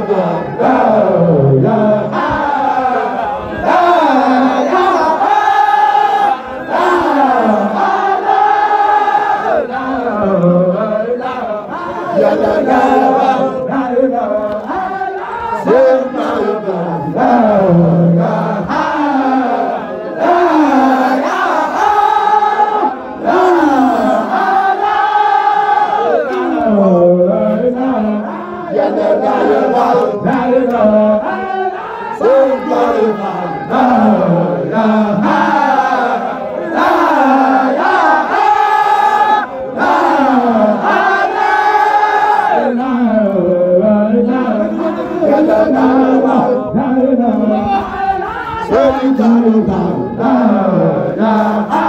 la la la la la la la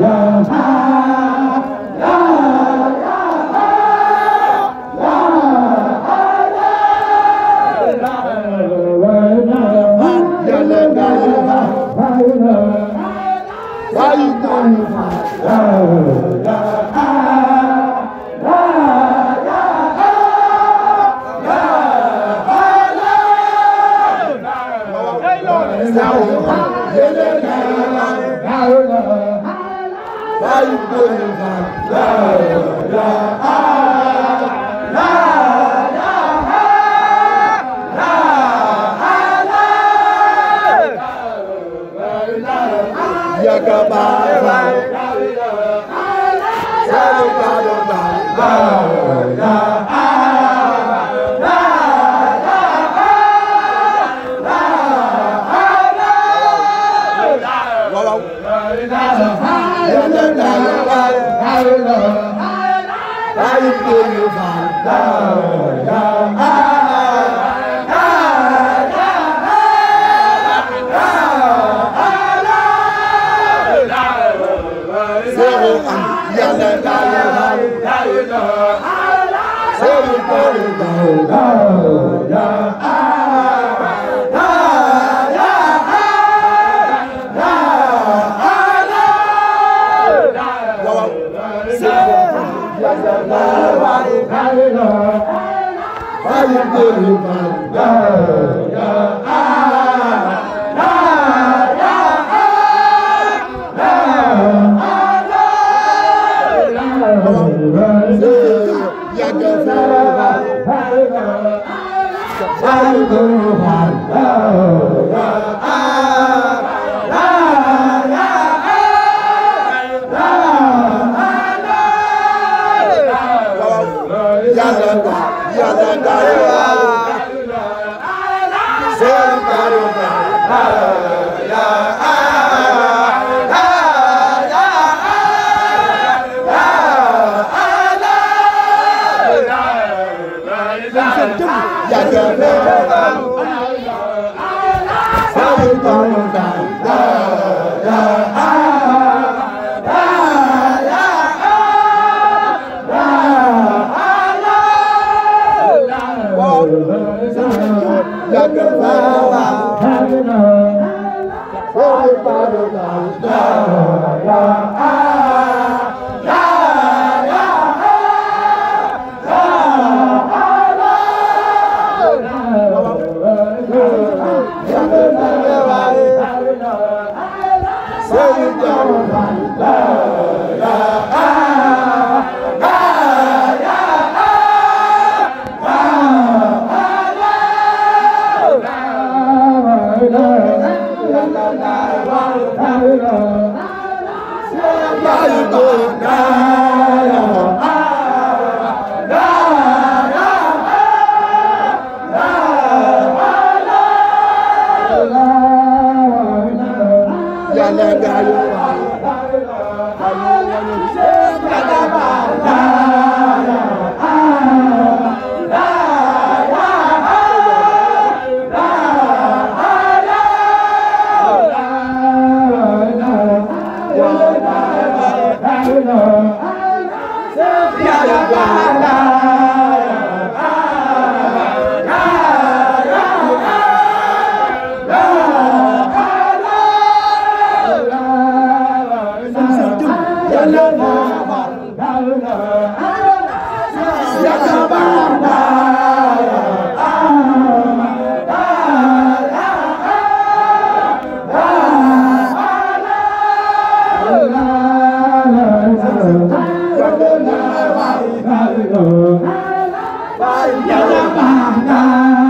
Yeah. Oh, no, Hallelujah. Down, down, down. Yeah, yeah, yeah. Yalla baax na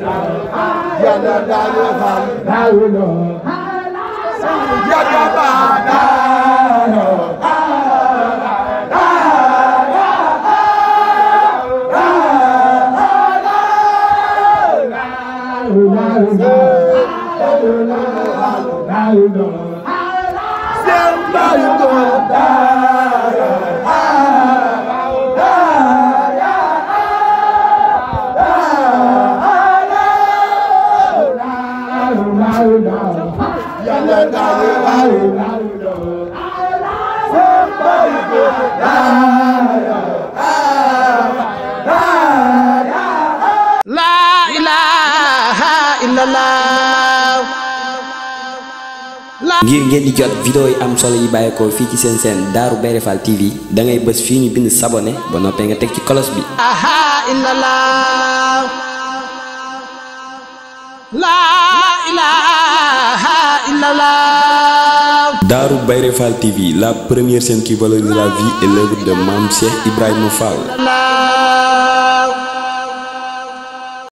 yàlla dalu xaal dawulo yàlla ba daalo Samba, you ngir ngeen di jot video yi am solo yi bàyyeekoo fi ci sen sen daru berefal TV da ngay beus fi ñu bind s'abonner ba noppé nga tek ci kolos bi. La ilaha illallah. Darou Bayrefal TV, la première scène qui valorise la vie et l'œuvre de Mamsieh Ibrahim Fall.